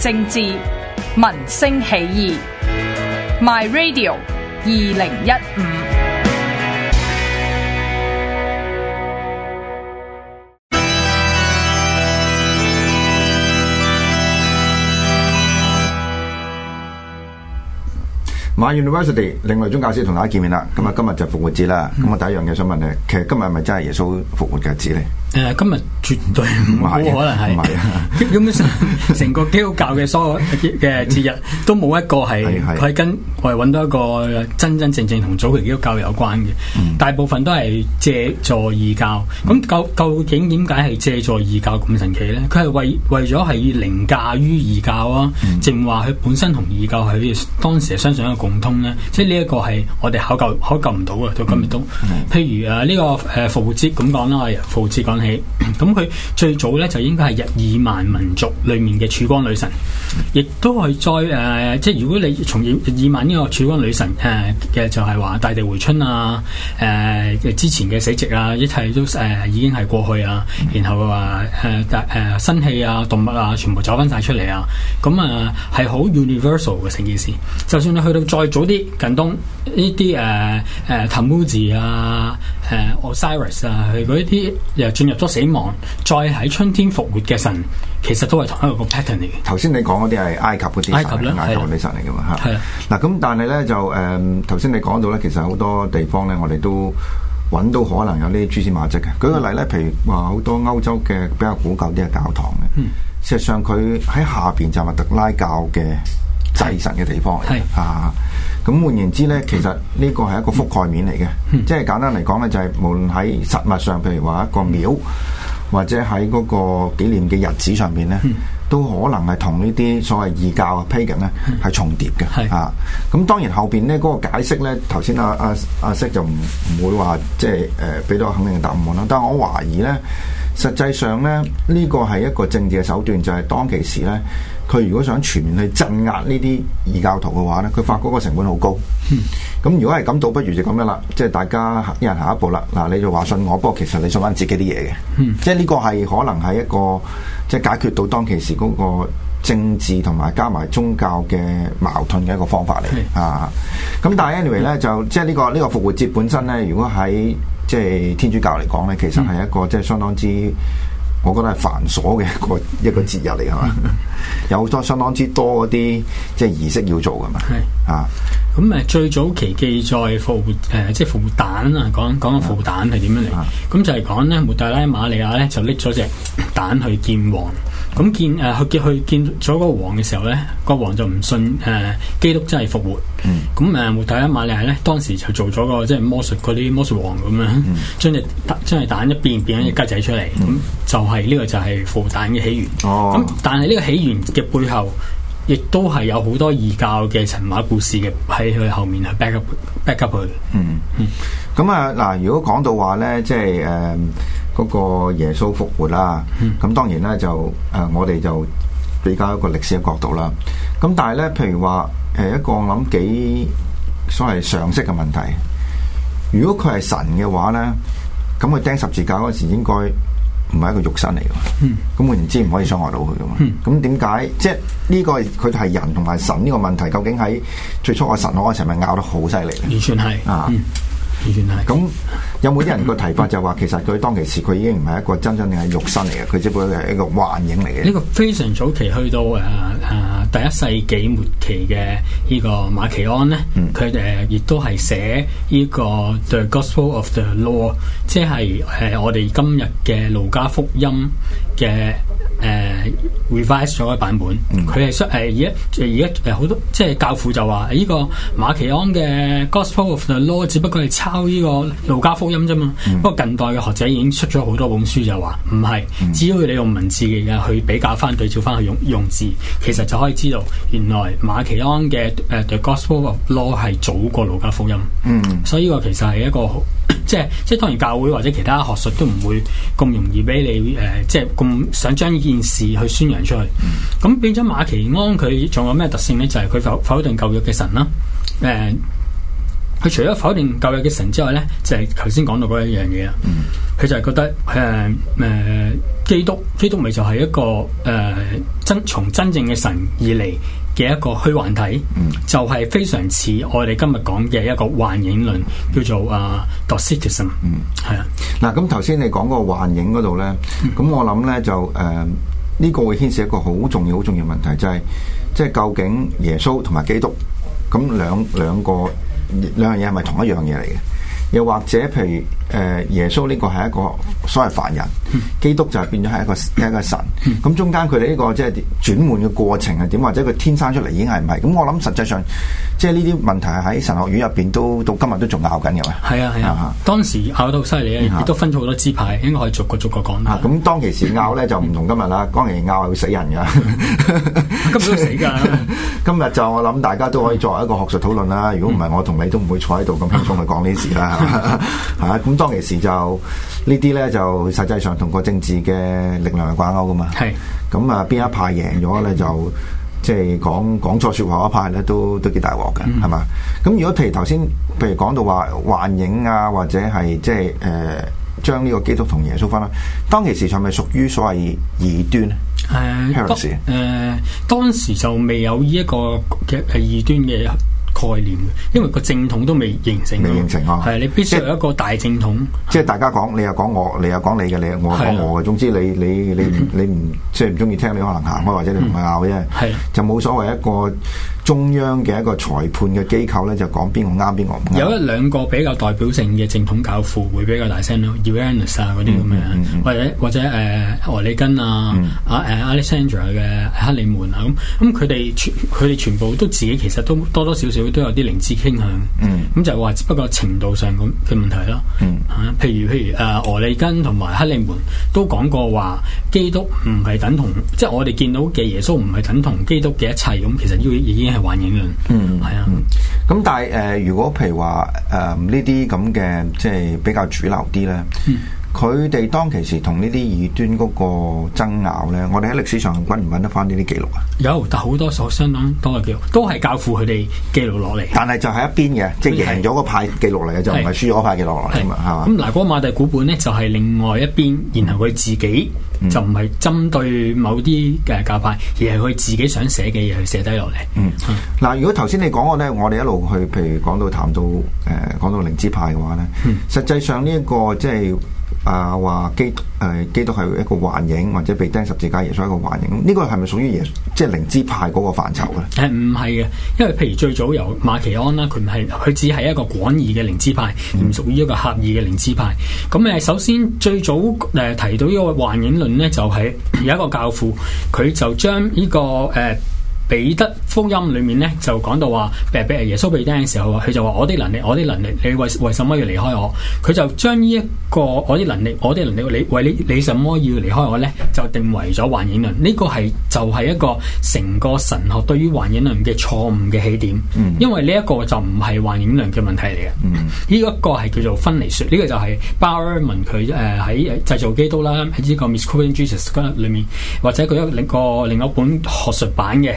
政治民生起義，My Radio 二零一五。My University，另類宗教史同大家見面啦。咁啊，今日就復活節啦。咁啊、嗯，第一樣嘢想問你，其實今日係咪真係耶穌復活嘅日子咧？誒、嗯、今日絕絕對唔係、 啊、可能係，唔係啊，基本上成個基督教嘅所有嘅節日都冇一個係，佢係、嗯、跟我哋揾到一個真真正正同早期基督教有關嘅。嗯、大部分都係借助異教。咁、嗯、究究竟點解係借助異教咁神奇咧？佢係為為咗係凌駕於異教啊，淨話佢本身同異教係當時係相信一個。唔通咧，即係呢一個係我哋考究考究唔到嘅，到今日都。嗯、譬如啊，呢、這個誒復活節咁講啦，我復活節講起，咁佢最早咧就應該係日耳曼民族裏面嘅曙光女神，亦都係再誒、呃，即係如果你從日耳曼呢個曙光女神誒嘅、呃、就係、是、話大地回春啊，誒、呃、之前嘅死寂啊，一切都誒、呃、已經係過去啊，然後話誒誒、呃呃、新氣啊，動物啊，全部走翻晒出嚟啊，咁、呃、啊係好 universal 嘅成件事，就算你去到。再早啲，近東呢啲誒誒，塔穆斯啊，Osiris 啊，佢嗰啲又進入咗死亡，再喺春天復活嘅神，其實都係同一個 pattern 嘅。頭先你講嗰啲係埃及嘅啲埃及嘅啲神嚟㗎嘛嚇？係啊，嗱咁，但係咧就誒，頭先你講到咧，其實好多地方咧，我哋都揾到可能有呢啲蛛絲馬跡嘅。舉個例咧，譬如話好多歐洲嘅比較古舊啲嘅教堂嘅，事實上佢喺下邊就係特拉教嘅。祭神嘅地方，係是啊，咁換言之咧，其實呢個係一個覆蓋面嚟嘅，嗯嗯、即係簡單嚟講咧，就係、是、無論喺實物上，譬如話一個廟，嗯、或者喺嗰個紀念嘅日子上面咧，嗯、都可能係同謂呢啲所謂異教嘅、pagan 咧係重疊嘅，啊，咁當然後邊咧嗰個解釋咧，頭先阿阿阿息就唔唔會話即係誒俾到肯定嘅答案啦，但係我懷疑咧，實際上咧呢個係一個政治嘅手段，就係、是、當其時咧。佢如果想全面去鎮壓呢啲異教徒嘅話呢，佢發覺嗰個成本好高。咁、嗯、如果係咁，倒不如就咁樣啦，即係大家一人行一步啦。嗱，你就話信我，不過其實你信翻自己啲嘢嘅。即係呢個係可能係一個即係解決到當其時嗰個政治同埋加埋宗教嘅矛盾嘅一個方法嚟、嗯、啊。咁但係 anyway 咧，就即係、這、呢個呢、呢個復活節本身呢，如果喺即係天主教嚟講呢，其實係一個即係相當之我覺得係繁瑣嘅一個一個節日嚟，係嘛， 有好多相當之多嗰啲即係儀式要做噶嘛。係是啊，咁誒、嗯、最早期記載復活誒，即係復活蛋啊，講講個復蛋係點樣嚟？咁、嗯嗯、就係講咧，抹大拉瑪利亞咧就拎咗隻蛋去見王。咁、嗯、見誒，去、呃、見去、呃、見咗個王嘅時候咧，國、那個、王就唔信，誒、呃，基督真係復活。咁誒、嗯，摩提阿馬利亞咧，當時就做咗個即係魔術，嗰啲魔術王咁樣，將隻將隻蛋一變變一隻雞仔出嚟。咁就係呢個就係孵蛋嘅起源。咁、嗯、但係呢個起源嘅背後，亦都係有好多異教嘅神話故事嘅喺佢後面去 back up back up 佢。嗯嗯。咁、嗯嗯嗯、啊嗱，如果講到話咧，即係誒。Uh 嗰個耶穌復活啦，咁當然咧就誒、呃，我哋就比較一個歷史嘅角度啦。咁但係咧，譬如話誒，一個我諗幾所謂常識嘅問題，如果佢係神嘅話咧，咁佢釘十字架嗰時應該唔係一個肉身嚟㗎，咁我唔知唔可以傷害到佢㗎嘛。咁點解？即係呢個佢係人同埋神呢個問題，究竟喺最初阿神同阿神係咪拗得好犀利？完全係。啊嗯原咁， 有冇啲人提個提法就話，其實佢當其時佢已經唔係一個真真正嘅肉身嚟嘅，佢只不過係一個幻影嚟嘅。呢個非常早期去到誒誒、啊啊、第一世紀末期嘅呢個馬奇安咧，佢誒亦都係寫呢個 The Gospel of the Law，即係誒我哋今日嘅路加福音嘅。誒、啊、revise 咗個版本，佢係出誒而家誒而家誒好多，即係教父就話呢、呢個馬其安嘅 Gospel of the Law 只不過係抄呢個路加福音啫嘛。Mm. 不過近代嘅學者已經出咗好多本書就話唔係，只要你用文字嘅、mm. 去比較翻對照翻去用用字，其實就可以知道原來馬其安嘅誒對 Gospel of Law 係早過路加福音。嗯，mm. 所以依個其實係一個 即係即係當然教會或者其他學術都唔會咁容易俾你誒即係咁想將。件事去宣揚出去，咁變咗馬其安佢仲有咩特性咧？就係佢否否定舊約嘅神啦。誒、呃，佢除咗否定舊約嘅神之外咧，就係頭先講到嗰一樣嘢啊。佢、嗯、就係覺得誒誒、呃呃，基督基督咪就係一個誒、呃、真從真正嘅神而嚟嘅一個虛幻體，嗯、就係非常似我哋今日講嘅一個幻影論，嗯、叫做啊 docetism，係啊。嗱，咁頭先你講個幻影嗰度咧，咁、嗯、我諗咧就誒呢、呃呢個會牽涉一個好重要、好重要問題，就係、係、即係究竟耶穌同埋基督咁兩兩個兩個兩個兩兩樣嘢係咪同一樣嘢嚟嘅？又或者譬如？誒，耶穌呢個係一個所謂凡人，基督就係變咗係一個一個神。咁中間佢哋呢個即係轉換嘅過程係點，或者佢天生出嚟已經係唔係？咁我諗實際上，即係呢啲問題係喺神學院入邊都到今日都仲拗緊嘅。係啊係啊，啊啊當時拗到犀利，都分咗好多支派，應該可以逐個逐個講。咁當其時拗咧就唔同今日啦，當其時拗係會死人噶， 今日都死噶。今日就我諗大家都可以作為一個學術討論啦。如果唔係我同你都唔會坐喺度咁輕鬆去講呢事啦。啊，咁。當其時就呢啲咧就實際上同個政治嘅力量係掛鈎噶嘛，係咁啊，邊一派贏咗咧就即係講講錯說，說話一派咧都都幾大鑊嘅係嘛，咁、嗯嗯、如果譬如頭先譬如講到話幻影啊或者係即係誒將呢個基督同耶穌分啦，當其時係咪屬於所謂異端咧？誒，當誒當時就未有呢一個嘅係異端嘅。概念嘅，因為個正統都未形成，未形成啊！係，你必須有一個大正統，即係大家講，你又講我，你又講你嘅，你我講我嘅。是的 總之你，你你 你你唔即係唔中意聽，你可能行開或者你唔係拗啫。係，是的 就冇所謂一個。中央嘅一個裁判嘅機構咧，就講邊個啱，邊個唔啱。有一兩個比較代表性嘅正統教父會比較大聲咯，Ioannis 啊嗰啲咁樣，嗯嗯嗯、或者或者誒俄里根啊、嗯、啊誒、啊、Alexandra 嘅克里門啊咁咁，佢哋佢哋全部都自己其實都多多少少都有啲靈智傾向，咁、嗯、就話只不過程度上咁嘅問題咯、啊嗯啊。譬如譬如誒、呃、俄里根同埋克里門都講過話，基督唔係等同，即係我哋見到嘅耶穌唔係等同基督嘅一切咁，其實已已經係。環境嘅，嗯，係、嗯、啊，咁但係，誒、呃，如果譬如話，誒、呃，呢啲咁嘅，即係比較主流啲咧。嗯佢哋當其時同呢啲異端嗰個爭拗咧，我哋喺歷史上揾唔揾得翻呢啲記錄啊？有，但好多所相當多嘅記錄都係教父佢哋記錄落嚟。但係就係一邊嘅， 即係贏咗個派記錄嚟嘅，就唔係輸咗派記錄嚟噶嘛？係嘛 是？咁嗱吧，哥馬蒂古本咧就係另外一邊，然後佢自己就唔係針對某啲嘅教派，而係佢自己想寫嘅嘢去寫低落嚟。嗯，嗱、嗯嗯嗯嗯，如果頭先你講嘅咧，我哋一路去，譬如講到談、呃、到誒，講到靈知派嘅話咧，實際上呢、這、一個即係。啊，話基督誒、呃，基督係一個幻影，或者被釘十字架耶穌係一個幻影，呢、這個係咪屬於耶即係靈知派嗰個範疇咧？誒、嗯，唔係嘅，因為譬如最早由馬奇安啦，佢唔係佢只係一個廣義嘅靈知派，唔屬於一個狹義嘅靈知派。咁誒、嗯，首先最早誒提到呢個幻影論咧，就係有一個教父，佢就將呢、這個誒。呃彼得福音裏面咧就講到話，譬如耶穌被釘嘅時候，佢就話，我啲能力，我啲能力，你為為什麼要離開我？佢就將呢一個我啲能力，我啲能力，你為你你為什麼要離開我咧？就定為咗幻影論。呢個係就係、是、一個成個神學對於幻影論嘅錯誤嘅起點。嗯、因為呢一個就唔係幻影論嘅問題嚟嘅。呢一、嗯、個係叫做分離說。呢、這個就係 Bart Ehrman 佢誒喺製造基督啦，喺呢、這個 Misquoting Jesus 裏面，或者佢有個另一，個另一個本學術版嘅。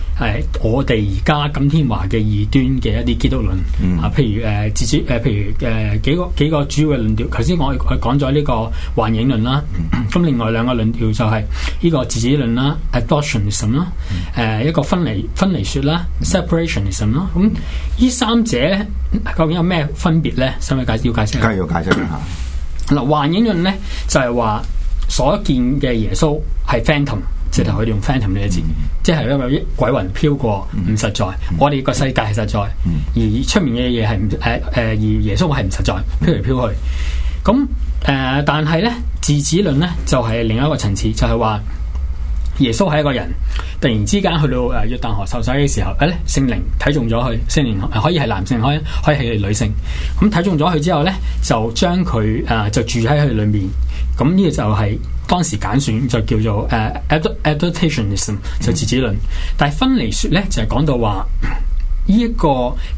係我哋而家今天華嘅二端嘅一啲基督徒論啊，譬、嗯、如誒、呃、自主誒，譬如誒幾個幾個主要嘅論調。頭先我係講咗呢個幻影論啦，咁、嗯、另外兩個論調就係呢個自主論啦，adoptionism 啦，誒、嗯啊、一個分離分離説啦，separationism 啦。咁呢、嗯嗯嗯、三者究竟有咩分別咧？想唔想解釋解釋？梗係要解釋啦，嗱幻影論咧就係、是、話所見嘅耶穌係 phantom，、嗯、即係直頭可以用 phantom 呢個字。嗯即係因為鬼魂飄過唔實在，我哋個世界係實在，而出面嘅嘢係唔誒誒，而耶穌係唔實在，飄嚟飄去。咁誒、呃，但係咧，嗣子論咧就係、是、另一個層次，就係、是、話。耶穌係一個人，突然之間去到誒約旦河受洗嘅時候，誒聖靈睇中咗佢，聖靈可以係男性，可以可以係女性。咁、嗯、睇中咗佢之後咧，就將佢誒、啊、就住喺佢裏面。咁呢個就係當時揀選就叫做誒、uh, adaptationism Ad Ad 就嗣子論，但係分離説咧就係、是、講到話呢一個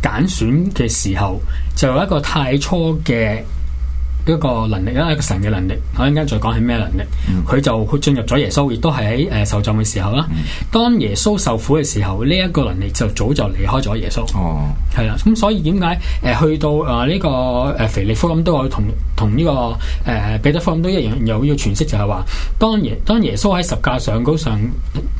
揀選嘅時候就有一個太初嘅。一個能力啦，一個神嘅能力，我一陣間再講係咩能力？佢、嗯、就進入咗耶穌，亦都係喺誒受浸嘅時候啦。當耶穌受苦嘅時候，呢一、嗯這個能力就早就離開咗耶穌。哦，係啦。咁所以點解誒去到啊呢、這個誒腓、啊、利福音都同同呢個誒彼得福音都一樣有要詮釋，傳就係話當耶當耶穌喺十架上高上，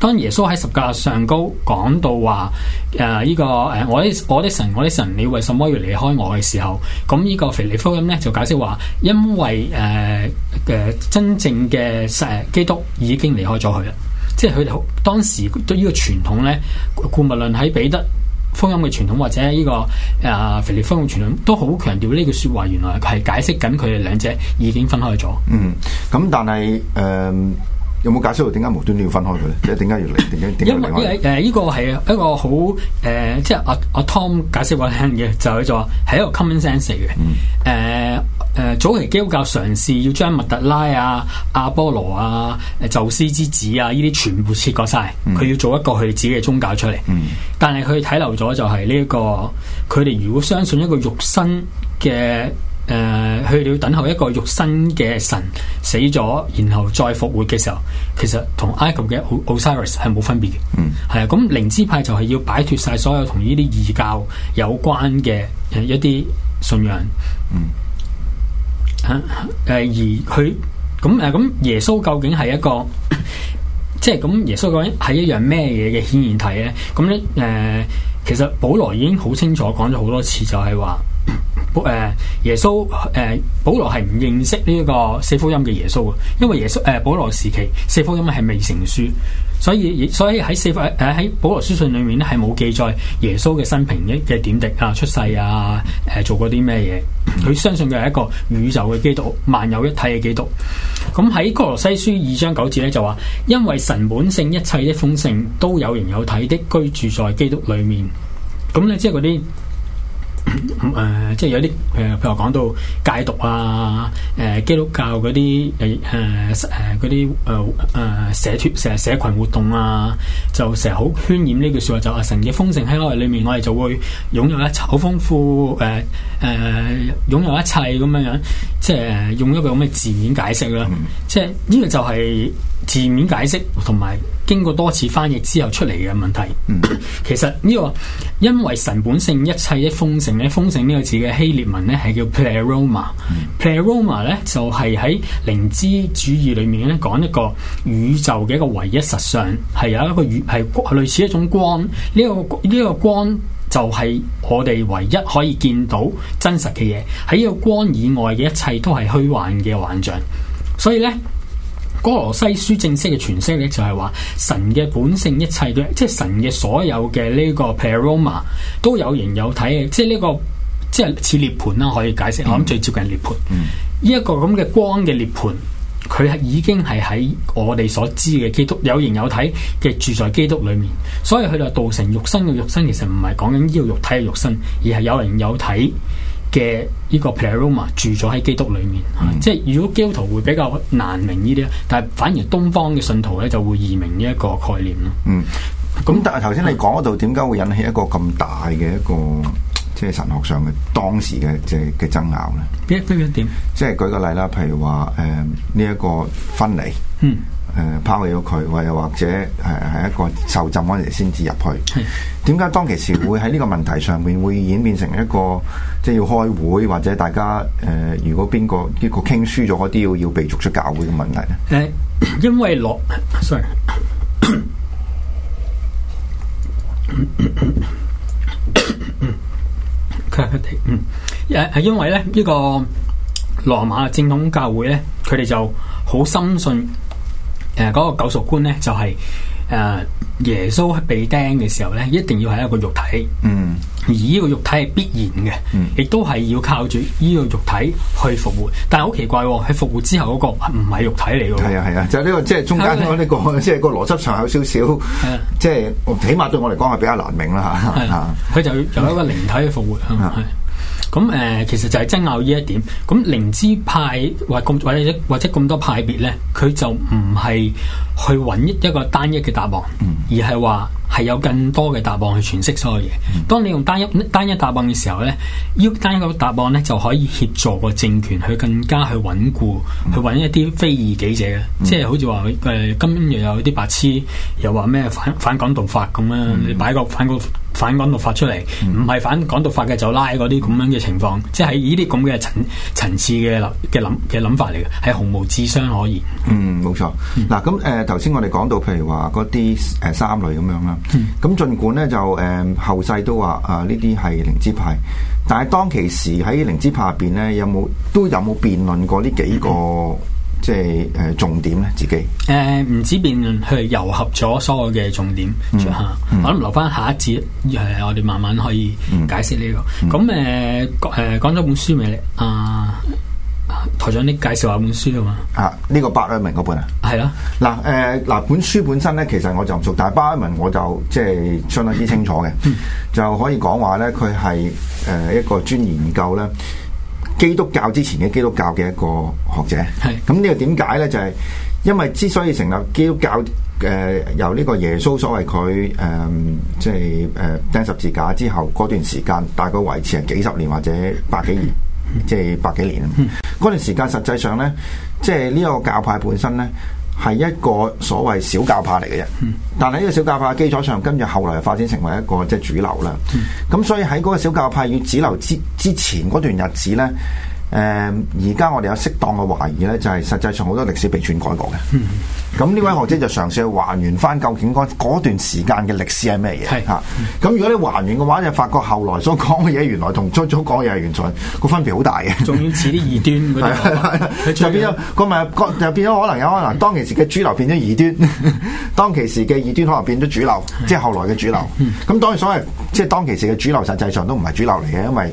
當耶穌喺十架上高講到話誒呢個誒、啊、我的我的神我的神，我的神，你為什麼要離開我嘅時候？咁呢、這個腓利福音咧就解釋話。因為誒誒、呃，真正嘅誒基督已經離開咗佢啦，即係佢哋好，當時對個傳統呢個傳統咧，姑勿論喺彼得福音嘅傳統或者呢、這個誒腓力福音嘅傳統都好強調呢句說話，原來係解釋緊佢哋兩者已經分開咗。嗯，咁但係誒、呃、有冇解釋到點解無端端要分開佢咧、呃這個呃？即係點解要嚟？點解點解分開？因為誒呢個係一個好誒，即係阿阿 Tom 解釋過一樣嘢，就係就話係一個 common sense 嚟嘅。誒。誒，早期基督教嘗試要將密特拉啊、阿波羅啊、誒宙斯之子啊呢啲全部切割晒，佢、mm. 要做一個佢自己嘅宗教出嚟。Mm. 但係佢睇漏咗就係呢一個，佢哋如果相信一個肉身嘅誒，佢、呃、哋要等候一個肉身嘅神死咗然後再復活嘅時候，其實同埃及嘅 Osiris 係冇分別嘅。嗯、mm.，係啊，咁靈知派就係要擺脫晒所有同呢啲異教有關嘅一啲信仰。嗯。Mm. 誒、啊，而佢咁誒，咁耶穌究竟係一個，即係咁耶穌究竟係一樣咩嘢嘅顯現體咧？咁咧誒，其實保羅已經好清楚講咗好多次，就係、是、話。保誒，耶穌誒，保羅係唔認識呢一個四福音嘅耶穌嘅，因為耶穌誒，保羅時期四福音係未成書，所以所以喺四福音誒，喺保羅書信裏面咧係冇記載耶穌嘅生平嘅嘅點滴啊，出世啊，誒做過啲咩嘢？佢相信佢係一個宇宙嘅基督，萬有一體嘅基督。咁喺哥羅西書二章九節咧就話，因為神本性一切的豐盛都有形有體的居住在基督裏面，咁咧即係嗰啲。誒、嗯呃，即係有啲誒、呃，譬如講到戒毒啊，誒、呃，基督教嗰啲誒誒誒，嗰啲誒誒，社團成日社群活動啊，就成日好渲染呢句說話，就話神嘅豐盛喺我哋裏面，我哋就會擁有一好豐富誒誒，擁、呃、有一切咁樣樣，即係用一個咁嘅字面解釋啦，嗯、即係呢個就係、是。字面解釋同埋經過多次翻譯之後出嚟嘅問題，嗯、其實呢、呢個因為神本性一切嘅豐盛咧，豐盛呢個字嘅希臘文咧係叫 Pleroma、嗯、Pleroma 咧就係、是、喺靈知主義裏面咧講一個宇宙嘅一個唯一實相，係有一個月係類似一種光，呢、呢個呢、呢個光就係我哋唯一可以見到真實嘅嘢，喺呢個光以外嘅一切都係虛幻嘅幻象，所以咧。哥羅西書正式嘅詮釋咧，就係話神嘅本性一切都即係神嘅所有嘅呢個 pleroma 都有形有體嘅，即係呢、這個即係似涅槃啦，可以解釋。我諗最接近涅槃，呢、嗯、一個咁嘅光嘅涅槃，佢係已經係喺我哋所知嘅基督有形有體嘅住在基督裏面，所以佢就道成肉身嘅肉身，其實唔係講緊呢個肉體嘅肉身，而係有形有體。嘅呢個 Pleroma 住咗喺基督裏面，嗯、即係如果基督徒會比較難明呢啲，但係反而東方嘅信徒咧就會易明呢一個概念咯。嗯，咁那但係頭先你講度點解會引起一個咁大嘅一個即係神學上嘅當時嘅即係嘅爭拗咧？邊一點？即係舉個例啦，譬如話誒呢一個分離。嗯。誒、呃、拋棄咗佢，或又或者係係、呃、一個受浸嗰陣時先至入去。係點解當其時會喺呢個問題上面會演變成一個即係要開會，或者大家誒、呃？如果邊個呢個傾輸咗嗰啲，要要被逐出教會嘅問題咧？誒、呃，因為羅 sorry，咳咳咳，因為咧呢、呢個羅馬正統教會咧，佢哋就好深信。誒，嗰、呃那個救贖觀咧，就係、是、誒、呃、耶穌被釘嘅時候咧，一定要係一個肉體，嗯，而呢個肉體係必然嘅，嗯，亦都係要靠住呢個肉體去復活，但係好奇怪喎，哦，喺復活之後嗰個唔係肉體嚟喎，係啊係啊，就呢個即係中間呢個，即、就、係、是這個邏輯，啊，上有少少，即係、啊就是、起碼對我嚟講係比較難明啦吓，係佢、啊啊，就有一個靈體嘅復活係咪？咁誒，其實就係爭拗呢一點。咁靈知派或咁或者或者咁多派別咧，佢就唔係去搵一一個單一嘅答案，嗯、而係話，係有更多嘅答案去詮釋所有嘢。當你用單一單一答案嘅時候咧，要單一個答案咧就可以協助個政權去更加去穩固，去揾一啲非議者嘅，嗯、即係好似話誒，今日有啲白痴又話咩反反港獨法咁啦，你擺、嗯、個反反港獨法出嚟，唔係反港獨法嘅就拉嗰啲咁樣嘅情況，即係呢啲咁嘅層層次嘅諗嘅諗嘅諗法嚟嘅，係毫無智商可言。嗯，冇錯。嗱咁誒，頭先我哋講到譬如話嗰啲誒三類咁樣啦。咁盡、嗯、管咧就誒、呃、後世都話啊呢啲係靈芝派，但係當其時喺靈芝派入邊咧有冇都有冇辯論過呢幾個嗯嗯即係誒、呃、重點咧？自己誒唔、呃、止辯論去糅合咗所有嘅重點，嗯，嗯我諗留翻下一節，係、嗯、我哋慢慢可以解釋呢、這個。咁誒、嗯，誒講咗本書未啊？台長，你介紹下本書啊嘛？啊，呢、這個 Bart Ehrman 嗰本啊，係咯嗱，誒嗱、啊呃，本書本身咧，其實我就唔熟，但 Bart Ehrman 我就即係、就是、相當之清楚嘅， 就可以講話咧，佢係誒一個專研究咧基督教之前嘅基督教嘅一個學者，係咁是、啊、呢個點解咧？就係、是、因為之所以成立基督教，誒、呃、由呢個耶穌所謂佢誒即係誒釘十字架之後嗰段時間，大概維持係幾十年或者百幾年。 即係百幾年，嗰、嗯、段時間實際上呢，即係呢個教派本身呢，係一個所謂小教派嚟嘅啫。嗯、但係呢個小教派基礎上，跟住後來發展成為一個即係主流啦。咁、嗯、所以喺嗰個小教派與主流之之前嗰段日子呢，誒，而家我哋有適當嘅懷疑咧，就係、是、實際上好多歷史被篡改過嘅。咁呢 位學者就嘗試去還原翻，究竟嗰段時間嘅歷史係咩嘢吓？咁、 啊、如果你還原嘅話，就發覺後來所講嘅嘢，原來同最初講嘅嘢係完全個分別好大嘅。仲要似啲異端， 就變咗個咪，就變咗可能有可能當其時嘅主流變咗異端， 當其時嘅異端可能變咗主流，即係 後來嘅主流。咁當然所謂。 即係當其時嘅主流實際上都唔係主流嚟嘅，因為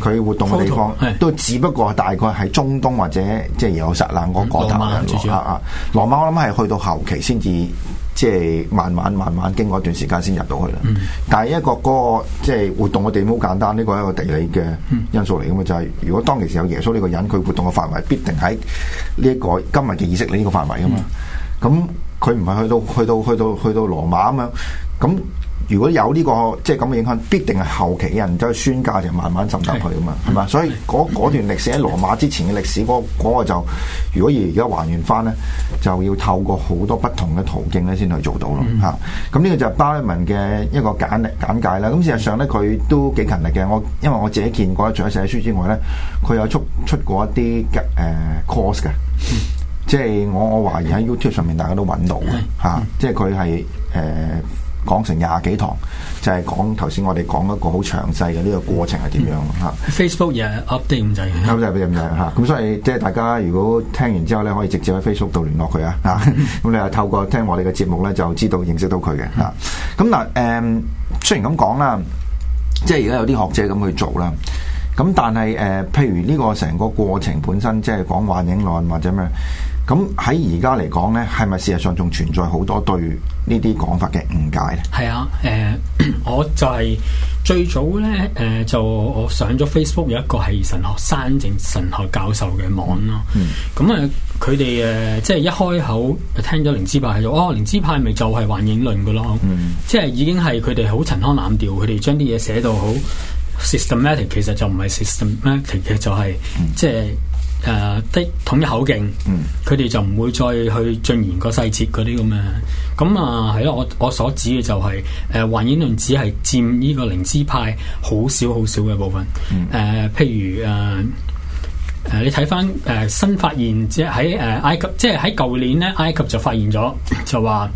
佢活動嘅地方是都只不過大概喺中東或者即係有撒冷嗰個頭嗰度啊。羅馬，羅馬我諗係去到後期先至即係慢慢慢慢經過一段時間先入到去啦。嗯、但係一個嗰、那個即係、就是、活動嘅地點好簡單，呢、這個係一個地理嘅因素嚟噶嘛。就係、是、如果當其時有耶穌呢個人，佢活動嘅範圍必定喺呢一個今日嘅以色列呢個範圍啊嘛。咁佢唔係去到去到去到，去到，去，到去到羅馬啊嘛。咁如果有呢、這個即係咁嘅影響，必定係後期嘅人走去宣教，就慢慢浸入去㗎嘛，係嘛對？所以嗰段歷史喺羅馬之前嘅歷史、那個，嗰、那個就如果而家還原翻咧，就要透過好多不同嘅途徑咧，先去做到咯嚇。咁呢個就係巴利文嘅一個簡歷簡介啦。咁、啊、事實上咧，佢都幾勤力嘅。我因為我自己見過，除咗寫書之外咧，佢有出出過一啲嘅誒 course 嘅、啊，即係我我懷疑喺 YouTube 上面大家都揾到嘅嚇，即係佢係誒。講成廿幾堂，就係講頭先我哋講一個好詳細嘅呢個過程係點樣吓。嗯啊、Facebook 又係 update 就係，update 咁樣吓。咁、 啊、所以即係大家如果聽完之後咧，可以直接喺 Facebook 度聯絡佢啊。咁 你又透過聽我哋嘅節目咧，就知道認識到佢嘅吓。咁、啊、嗱，誒、嗯，雖然咁講啦，即係而家有啲學者咁去做啦。咁但係誒、呃，譬如呢個成個過程本身，即係講幻影論或者咩。咁喺而家嚟講咧，係咪事實上仲存在好多對呢啲講法嘅誤解咧？係 啊，誒，我就係最早咧，誒、啊，就我上咗 Facebook 有一個係神學生定神學教授嘅網咯。啊、嗯。咁啊，佢哋誒即係一開口就聽咗靈知派，係話：哦，靈知派咪就係幻影論噶咯？嗯、即係已經係佢哋好陳腔濫調，佢哋將啲嘢寫到好 systematic，其實就唔係 systematic 嘅、就係，就係即係。嗯誒的、呃、統一口徑，佢哋、嗯、就唔會再去進言個細節嗰啲咁嘅，咁啊係咯、啊，我我所指嘅就係誒幻影論只係佔呢個靈芝派好少好少嘅部分，誒、嗯呃、譬如誒誒、呃呃、你睇翻誒新發現，即係喺誒埃及，即係喺舊年咧，埃及就發現咗就話。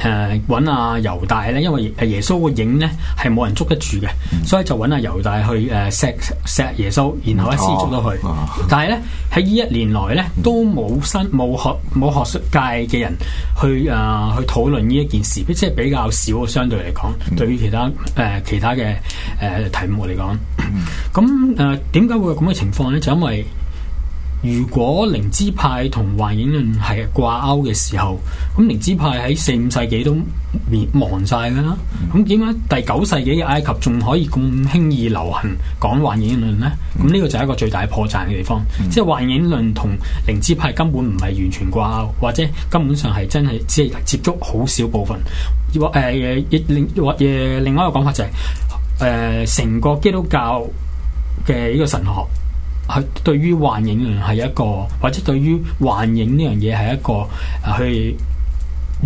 誒，搵阿猶大咧，因為誒耶穌個影咧係冇人捉得住嘅，嗯、所以就搵阿猶大去誒錫錫耶穌，然後先捉到佢。哦、但係咧喺呢一年來咧都冇新冇、嗯、學冇學術界嘅人去啊、呃、去討論呢一件事，即係比較少相對嚟講，嗯、對於其他誒、呃、其他嘅誒、呃、題目嚟講，咁誒點解會有咁嘅情況咧？就是、因為如果靈知派同幻影論係掛鈎嘅時候，咁靈知派喺四五世紀都滅亡晒㗎啦。咁點解第九世紀嘅埃及仲可以咁輕易流行講幻影論呢？咁呢個就係一個最大破綻嘅地方，嗯、即係幻影論同靈知派根本唔係完全掛鈎，或者根本上係真係只係接觸好少部分。或另另外一個講法就係、是、誒，成個基督教嘅呢個神學。去、啊、對於幻影係一個，或者對於幻影呢樣嘢係一個，啊、去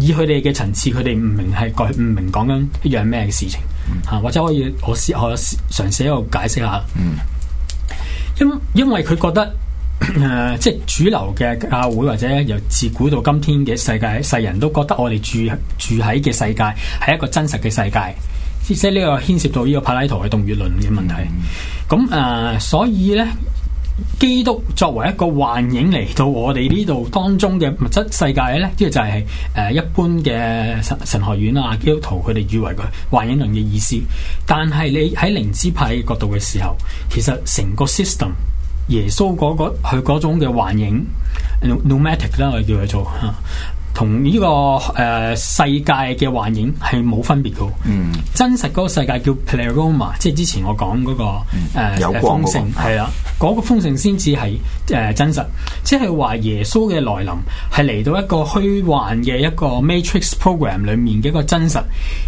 以佢哋嘅層次，佢哋唔明係講唔明講緊一樣咩嘅事情嚇、啊，或者可以我試我嘗試一個解釋下。嗯，因因為佢覺得誒、呃，即係主流嘅教會或者由自古到今天嘅世界，世人都覺得我哋住住喺嘅世界係一個真實嘅世界，即係呢個牽涉到呢個柏拉圖嘅洞穴論嘅問題。咁誒，所以咧。基督作為一個幻影嚟到我哋呢度當中嘅物質世界咧，即係就係、是、誒一般嘅神神學院啊，基督徒佢哋以為佢幻影論嘅意思。但係你喺靈知派角度嘅時候，其實成個 system 耶穌嗰、那個佢種嘅幻影 nomatic 啦，我叫佢做吓。同呢、這個誒、呃、世界嘅幻影係冇分別嘅，嗯、真實嗰個世界叫 Pleroma，即係之前我講嗰、那個誒豐盛，係、呃、啦，嗰光城個豐盛先至係誒真實，即係話耶穌嘅來臨係嚟到一個虛幻嘅一個 Matrix program 裡面嘅一個真實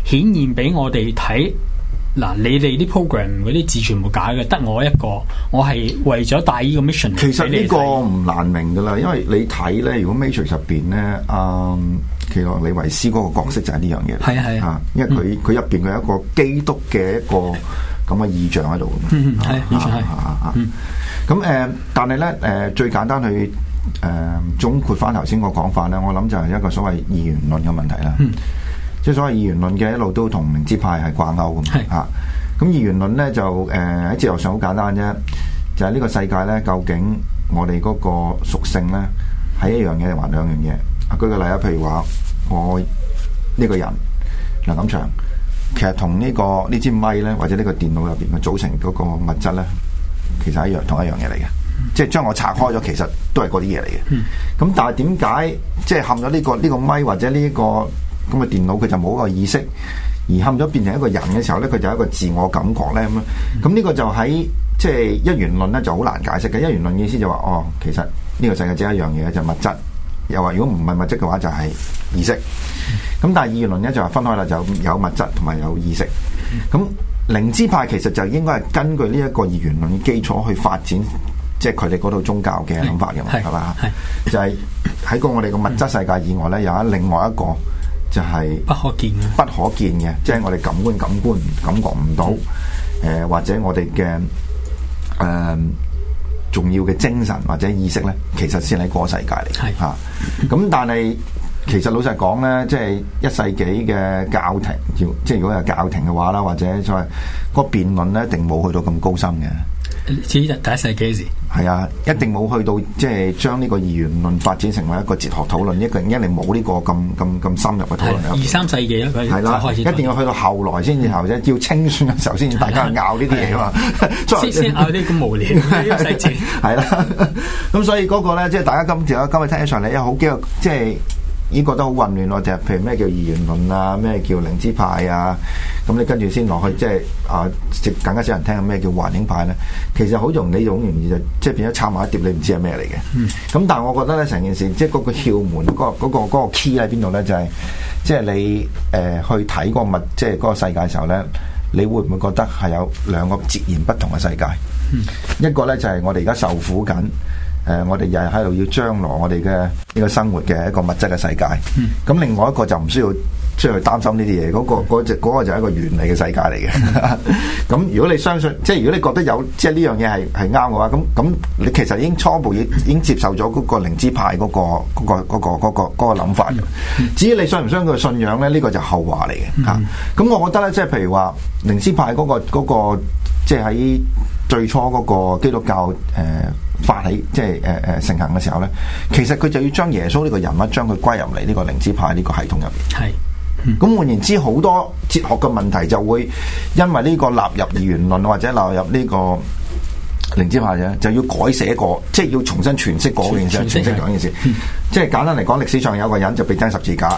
顯現俾我哋睇。嗱，你哋啲 program 嗰啲字全部假嘅，得我一個，我係為咗帶呢個 mission。其實呢個唔難明噶啦，嗯、因為你睇咧，如果 Matrix 入邊咧，嗯，奇諾李維斯嗰個角色就係呢樣嘢，係係啊，因為佢佢入邊有一個基督嘅一個咁嘅意象喺度。嗯嗯，係意咁誒，但係咧，誒、呃，最簡單去誒、呃、總括翻頭先個講法咧，我諗就係一個所謂二元論嘅問題啦。嗯嗯即係所謂二元論嘅一路都同靈知派係掛鈎咁嘅嚇，咁二元論咧就誒喺哲學上好簡單啫，就係、是、呢個世界咧，究竟我哋嗰個屬性咧係一樣嘢定還兩樣嘢？舉個例啊，譬如話我呢、這個人梁錦祥，其實同呢、這個呢支咪咧，或者呢個電腦入邊嘅組成嗰個物質咧，其實一樣同一樣嘢嚟嘅，嗯、即係將我拆開咗，其實都係嗰啲嘢嚟嘅。咁、嗯、但係點解即係冚咗呢個呢、這個咪或者呢、這、一個？咁啊，電腦佢就冇個意識，而陷咗變成一個人嘅時候，呢佢就有一個自我感覺，呢咁呢個就喺，即係一元論呢就好難解釋嘅。一元論意思就話、是，哦，其實呢個世界只有一樣嘢就係物質，又話如果唔係物質嘅話就係意識。咁但係二元論呢，就話分開啦，就有物質同埋有意識。咁靈知派其實就應該係根據呢一個二元論嘅基礎去發展，即係佢哋嗰度宗教嘅諗法嘅，係咪、嗯、吧就係喺個我哋嘅物質世界以外咧，有另外一個。就係不可見嘅，不可見嘅，即 係我哋感官、感官感覺唔到，誒、呃、或者我哋嘅誒重要嘅精神或者意識咧，其實先喺個世界嚟，嚇、 啊。咁但係其實老實講咧，即、就、係、是、一世紀嘅教廷，要即係如果有教廷嘅話啦，或者再、那個辯論咧，一定冇去到咁高深嘅。呢第一世紀時？係啊，一定冇去到即係將呢個二元論發展成為一個哲學討論，一個人一嚟冇呢個咁咁咁深入嘅討論。的這個、二三世紀啦，係啦，開始一定要去到後來先至後啫，要清算嘅時候先至大家拗呢啲嘢嘛，先先拗啲咁無聊嘅事情。係啦，咁 才所以嗰個咧，即係大家今次 今日聽起上嚟有好幾個即係。已經覺得好混亂咯，就係譬如咩叫二元論啊，咩叫靈知派啊，咁你跟住先落去，即係啊，接更加少人聽咩叫幻影派咧。其實好容易就，你好容易就即係變咗炒埋一碟，你唔知係咩嚟嘅。咁但係我覺得咧，成件事即係嗰個竅門，嗰、嗰個嗰個 key 喺邊度咧？就係、是、即係你誒、呃、去睇嗰個物，即係嗰個世界嘅時候咧，你會唔會覺得係有兩個截然不同嘅世界？嗯、一個咧就係、是、我哋而家受苦緊。誒、呃，我哋又係喺度要將來我哋嘅呢個生活嘅一個物質嘅世界。咁另外一個就唔需要出去擔心呢啲嘢，嗰、那個那個就係一個遠離嘅世界嚟嘅。咁 如果你相信，即係如果你覺得有，即係呢樣嘢係係啱嘅話，咁咁你其實已經初步已經已經接受咗嗰個靈知派嗰、那個嗰、那個嗰、那個諗、那個那個、法。至於你信唔信佢嘅信仰咧，呢、這個就後話嚟嘅嚇。咁、啊、我覺得咧，即係譬如話靈知派嗰、那個、那個、即係喺最初嗰個基督教誒。呃發起即係誒誒，盛、呃呃、行嘅時候咧，其實佢就要將耶穌呢個人物，將佢歸入嚟呢個靈知派呢個系統入邊。係，咁、嗯、換言之，好多哲學嘅問題就會因為呢個納入二元論或者納入呢個靈知派嘅，就要改寫過，即係要重新詮釋嗰件事。重新詮釋嗰件事，即係簡單嚟講，歷史上有個人就被釘十字架，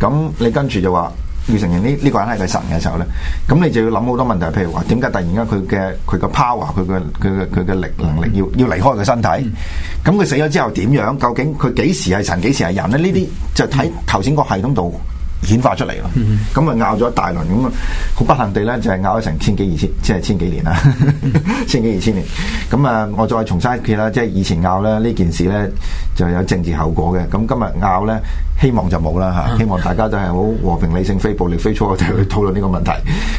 咁你跟住就話。要承認呢呢個人係個神嘅時候咧，咁你就要諗好多問題，譬如話點解突然間佢嘅佢嘅 power，佢嘅佢嘅佢嘅力能力要要離開佢身體，咁佢死咗之後點樣？究竟佢幾時係神，幾時係人咧？呢啲就睇頭先個系統度，演化出嚟咯，咁啊拗咗一大輪，咁好不幸地咧就係拗咗成千幾二千，即係千幾年啦， 千幾二千年。咁啊，我再重申一次啦，即係以前拗咧呢件事咧就有政治後果嘅。咁今日拗咧，希望就冇啦吓，希望大家都係好和平理性，非暴力非粗我哋去討論呢個問題。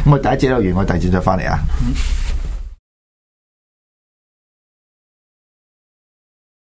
咁我第一節目完，我第二節再翻嚟啊。